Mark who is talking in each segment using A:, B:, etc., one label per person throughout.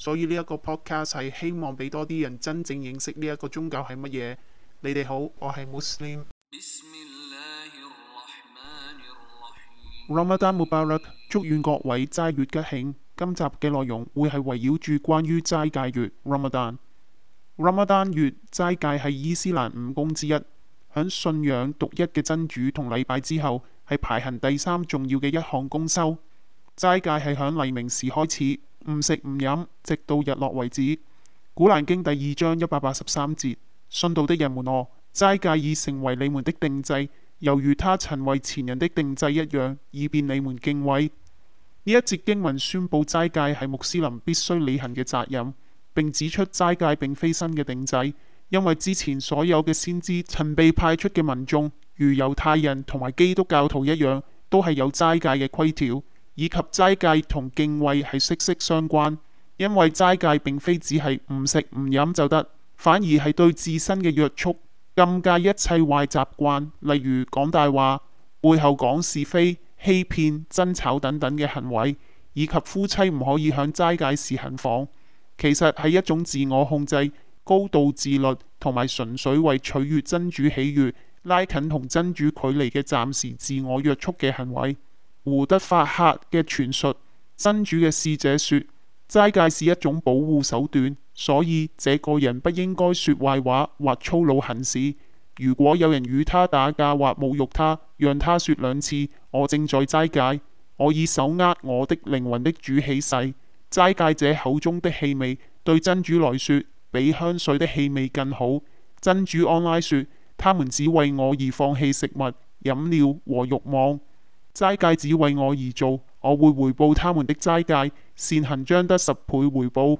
A: 所以呢一個 podcast 係希望俾多啲人真正認識呢一個宗教係乜嘢。你哋好，我係 Muslim。Ramadan Mubarak，祝願各位齋月吉慶。今集嘅內容會係圍繞住關於齋戒月 Ramadan。Ramadan 月齋戒係伊斯蘭五功之一，響信仰獨一嘅真主同禮拜之後，係排行第三重要嘅一項功修。齋戒係響黎明時開始。唔食唔飲，直到日落為止。古蘭經第二章一百八十三節，信道的人們啊，齋戒已成為你們的定制，猶如它曾為前人的定制一樣，以便你們敬畏。呢一節經文宣布齋戒係穆斯林必須履行嘅責任，並指出齋戒並非新嘅定制，因為之前所有嘅先知曾被派出嘅民眾，如猶太人同埋基督教徒一樣，都係有齋戒嘅規條。以及齋戒同敬畏係息息相關，因為齋戒並非只係唔食唔飲就得，反而係對自身嘅約束，禁戒一切壞習慣，例如講大話、背後講是非、欺騙、爭吵等等嘅行為，以及夫妻唔可以響齋戒時行房，其實係一種自我控制、高度自律同埋純粹為取悦真主喜悦、拉近同真主距離嘅暫時自我約束嘅行為。胡德法克嘅傳述，真主嘅使者說，齋戒是一種保護手段，所以這個人不應該說壞話或粗魯行事。如果有人與他打架或侮辱他，讓他說兩次：我正在齋戒，我以手握我的靈魂的主起誓。齋戒者口中的氣味對真主來說比香水的氣味更好。真主安拉說，他們只為我而放棄食物、飲料和欲望。齋戒只為我而做，我會回報他們的齋戒，善行將得十倍回報。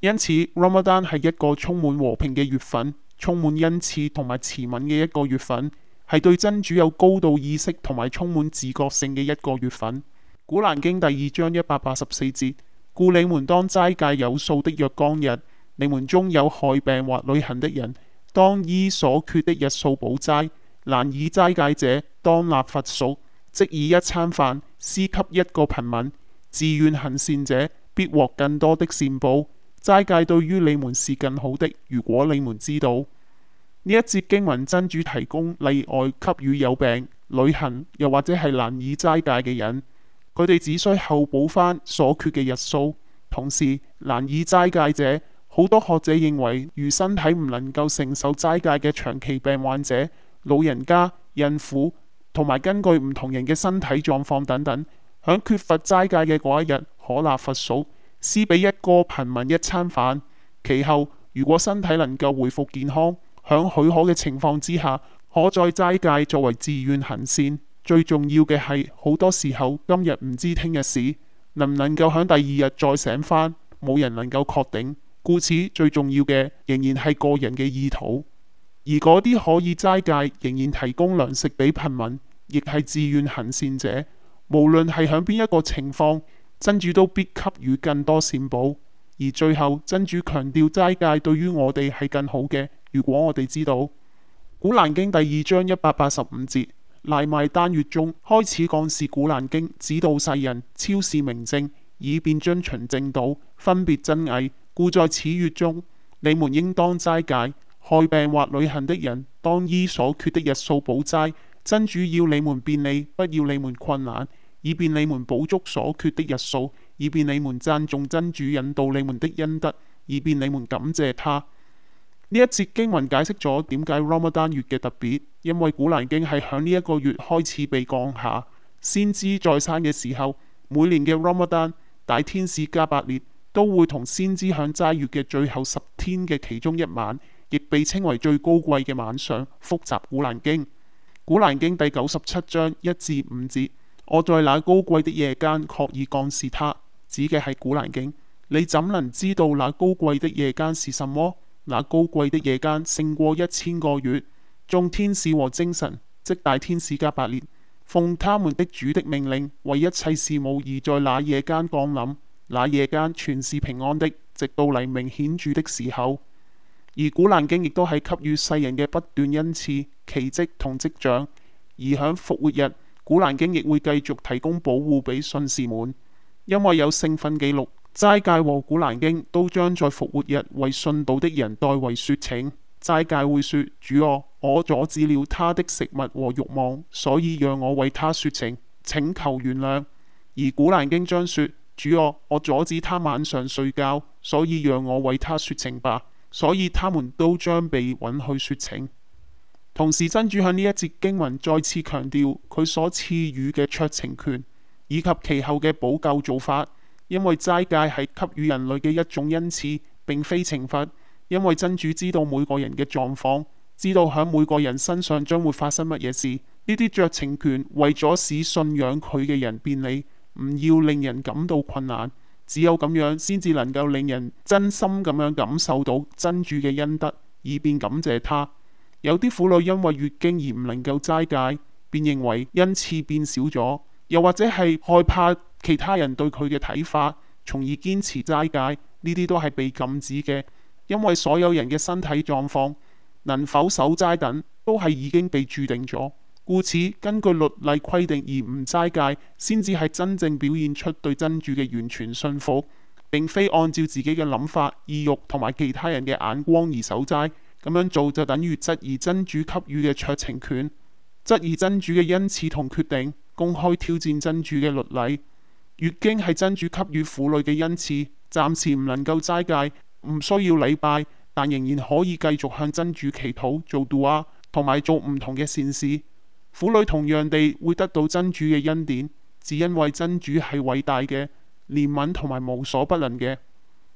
A: 因此，Ramadan 係一個充滿和平嘅月份，充滿恩賜同埋慈憫嘅一個月份，係對真主有高度意識同埋充滿自覺性嘅一個月份。古蘭經第二章一百八十四節，故你們當齋戒有數的若干日，你們中有害病或旅行的人，當依所缺的日數補齋，難以齋戒者當納罰贖。即以一餐飯施給一個貧民，自願行善者必獲更多的善報。齋戒對於你們是更好的，如果你們知道。呢一節經文，真主提供例外給予有病、旅行又或者係難以齋戒嘅人，佢哋只需後補翻所缺嘅日數。同時，難以齋戒者，好多學者認為如身體唔能夠承受齋戒嘅長期病患者、老人家、孕婦。同埋根據唔同人嘅身體狀況等等，響缺乏齋戒嘅嗰一日可納罰數，施俾一個貧民一餐飯。其後如果身體能夠回復健康，響許可嘅情況之下，可再齋戒作為自願行善。最重要嘅係，好多時候今日唔知聽日事，能唔能夠響第二日再醒返，冇人能夠確定。故此最重要嘅仍然係個人嘅意圖。而嗰啲可以齋戒，仍然提供糧食俾貧民，亦係自願行善者。無論係響邊一個情況，真主都必給予更多善報。而最後，真主強調齋戒對於我哋係更好嘅。如果我哋知道《古蘭經》第二章一百八十五節，賴麥丹月中開始降示《古蘭經》，指導世人昭示明證，以便遵循正道分別真偽。故在此月中，你們應當齋戒。害病或旅行的人，當依所缺的日數補齋。真主要你們便利，不要你們困難，以便你們補足所缺的日數，以便你們讚頌真主引導你們的恩德，以便你們感謝他。呢一節經文解釋咗點解 Ramadan 月嘅特別，因為古蘭經係響呢一個月開始被降下。先知在生嘅時候，每年嘅 Ramadan 大天使加百列都會同先知響齋月嘅最後十天嘅其中一晚。亦被稱為最高貴嘅晚上。複雜古蘭經，古蘭經第九十七章一至五節。我在那高貴的夜間確已降示他，指嘅係古蘭經。你怎能知道那高貴的夜間是什麼？那高貴的夜間勝過一千個月。眾天使和精神即大天使加百列，奉他們的主的命令，為一切事務而在那夜間降臨。那夜間全是平安的，直到黎明顯著的時候。而古蘭經亦都係給予世人嘅不斷恩賜、奇蹟同跡象。而喺復活日，古蘭經亦會繼續提供保護俾信士們，因為有聖訓記錄齋戒和古蘭經都將在復活日為信道的人代為說情。齋戒會說：主我，我阻止了他的食物和慾望，所以讓我為他說情，請求原諒。而古蘭經將說：主我，我阻止他晚上睡覺，所以讓我為他說情吧。所以他們都將被允許說情。同時，真主向呢一節經文再次強調佢所賜予嘅酌情權，以及其後嘅補救做法。因為齋戒係給予人類嘅一種恩賜，並非懲罰。因為真主知道每個人嘅狀況，知道響每個人身上將會發生乜嘢事。呢啲酌情權為咗使信仰佢嘅人便利，唔要令人感到困難。只有咁樣先至能夠令人真心咁樣感受到真主嘅恩德，以便感謝他。有啲婦女因為月經而唔能夠齋戒，便認為恩賜變少咗，又或者係害怕其他人對佢嘅睇法，從而堅持齋戒。呢啲都係被禁止嘅，因為所有人嘅身體狀況能否守齋等，都係已經被註定咗。故此，根據律例規定而唔齋戒，先至係真正表現出對真主嘅完全信服，並非按照自己嘅諗法、意欲同埋其他人嘅眼光而守齋。咁樣做就等於質疑真主給予嘅酌情權，質疑真主嘅恩賜同決定，公開挑戰真主嘅律例。月經係真主給予婦女嘅恩賜，暫時唔能夠齋戒，唔需要禮拜，但仍然可以繼續向真主祈禱、做杜阿同埋做唔同嘅善事。婦女同樣地會得到真主嘅恩典，只因為真主係偉大嘅、憐憫同埋無所不能嘅。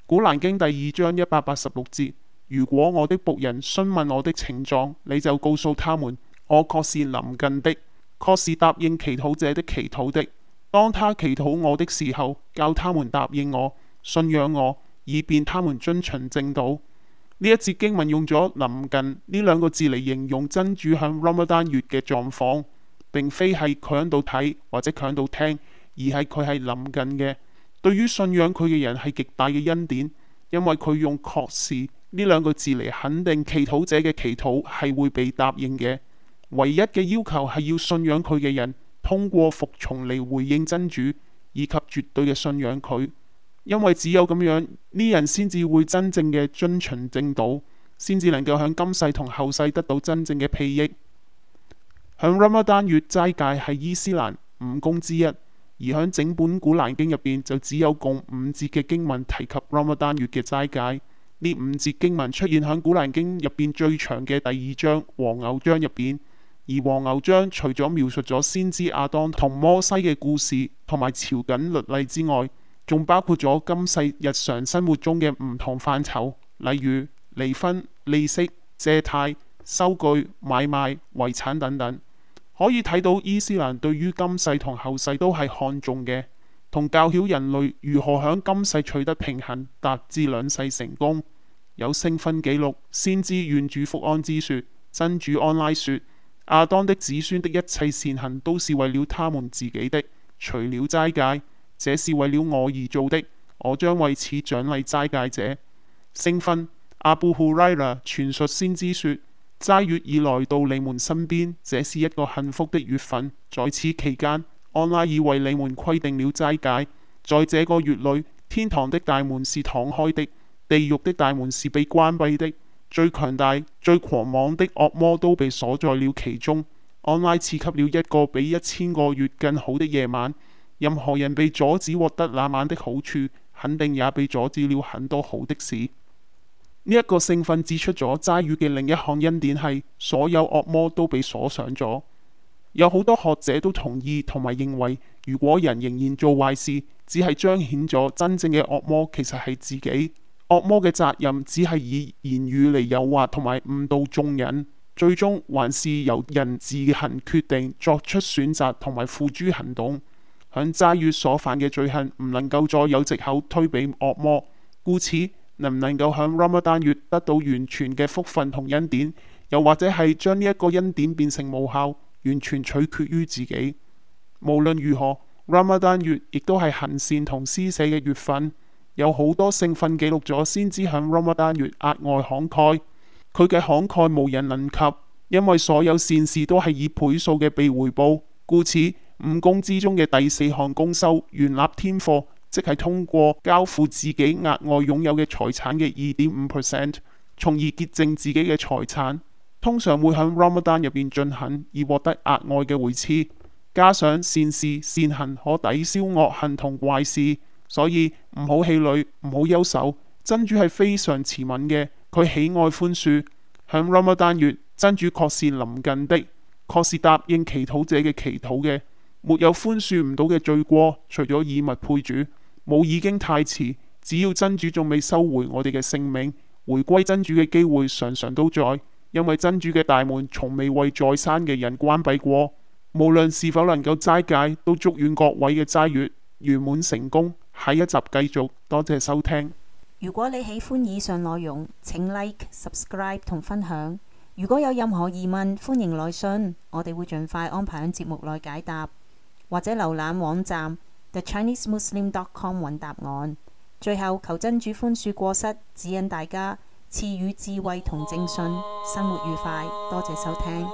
A: 古蘭經第二章一百八十六節：如果我的僕人詢問我的情狀，你就告訴他們，我確是臨近的，確是答應祈禱者的祈禱的。當他祈禱我的時候，教他們答應我、信仰我，以便他們遵循正道。呢一節經文用咗臨近呢兩個字嚟形容真主向 Ramadan 月嘅狀況，並非係佢喺度睇或者佢喺度聽，而係佢係臨近嘅。對於信仰佢嘅人係極大嘅恩典，因為佢用確是呢兩個字嚟肯定祈禱者嘅祈禱係會被答應嘅。唯一嘅要求係要信仰佢嘅人通過服從嚟回應真主，以及絕對嘅信仰佢。因為只有咁樣，呢人先至會真正嘅遵循正道，先至能夠喺今世同後世得到真正嘅裨益。響 Ramadan 月齋戒係伊斯蘭五功之一，而響整本古蘭經入邊就只有共五節嘅經文提及 Ramadan 月嘅齋戒。呢五節經文出現響古蘭經入邊最長嘅第二章黃牛章入邊。而黃牛章除咗描述咗先知亞當同摩西嘅故事同埋朝覲律例之外，仲包括咗今世日常生活中嘅唔同範疇，例如離婚、利息、借貸、收據、買賣、遺產等等。可以睇到伊斯蘭對於今世同後世都係看重嘅，同教曉人類如何喺今世取得平衡，達至兩世成功。有聖訓記錄，先知願主福安之説，真主安拉説：亞當的子孫的一切善行都是為了他們自己的，除了齋戒。這是為了我而做的，我將為此獎勵齋戒者。聖訓阿布胡拉勒傳述先知說：齋月已來到你們身邊，這是一個幸福的月份。在此期間，安拉已為你們規定了齋戒。在這個月裏，天堂的大門是敞開的，地獄的大門是被關閉的。最強大、最狂妄的惡魔都被鎖在了其中。安拉賜給了一個比一千個月更好的夜晚。任何人被阻止獲得那晚的好處，肯定也被阻止了很多好的事。呢、這、一個聖訓指出咗齋月嘅另一項恩典係，所有惡魔都被鎖上咗。有好多學者都同意同埋認為，如果人仍然做壞事，只係彰顯咗真正嘅惡魔其實係自己。惡魔嘅責任只係以言語嚟誘惑同埋誤導眾人，最終還是由人自行決定作出選擇同埋付諸行動。喺齋月所犯嘅罪行唔能夠再有藉口推俾惡魔，故此能唔能夠喺 Ramadan 月得到完全嘅福分同恩典，又或者係將呢一個恩典變成無效，完全取決於自己。無論如何，Ramadan 月亦都係行善同施捨嘅月份，有好多聖訓記錄咗，先知喺 Ramadan 月額外慷慨，佢嘅慷慨無人能及，因為所有善事都係以倍數嘅被回報，故此。五功之中嘅第四項功修，原立天課，即係通過交付自己額外擁有嘅財產嘅二點五 percent，從而潔淨自己嘅財產。通常會喺 Ramadan 入邊進行，以獲得額外嘅回賜。加上善事善行可抵消惡行同壞事，所以唔好氣餒，唔好休手。真主係非常慈憫嘅，佢喜愛寬恕。喺 Ramadan 月，真主確是臨近的，確是答應祈禱者嘅祈禱嘅。沒有寬恕唔到嘅罪過，除咗以物配主，冇已經太遲。只要真主仲未收回我哋嘅性命，回歸真主嘅機會常常都在，因為真主嘅大門從未為在山嘅人關閉過。無論是否能夠齋戒，都祝願各位嘅齋月圓滿成功。下一集繼續，多謝收聽。如果你喜歡以上內容，請 like、subscribe 同分享。如果有任何疑問，歡迎來信，我哋會盡快安排喺節目內解答。或者瀏覽網站 TheChineseMuslim.com Dot 揾答案。最後求真主寬恕過失，指引大家，賜予智慧同正信，生活愉快。多謝收聽。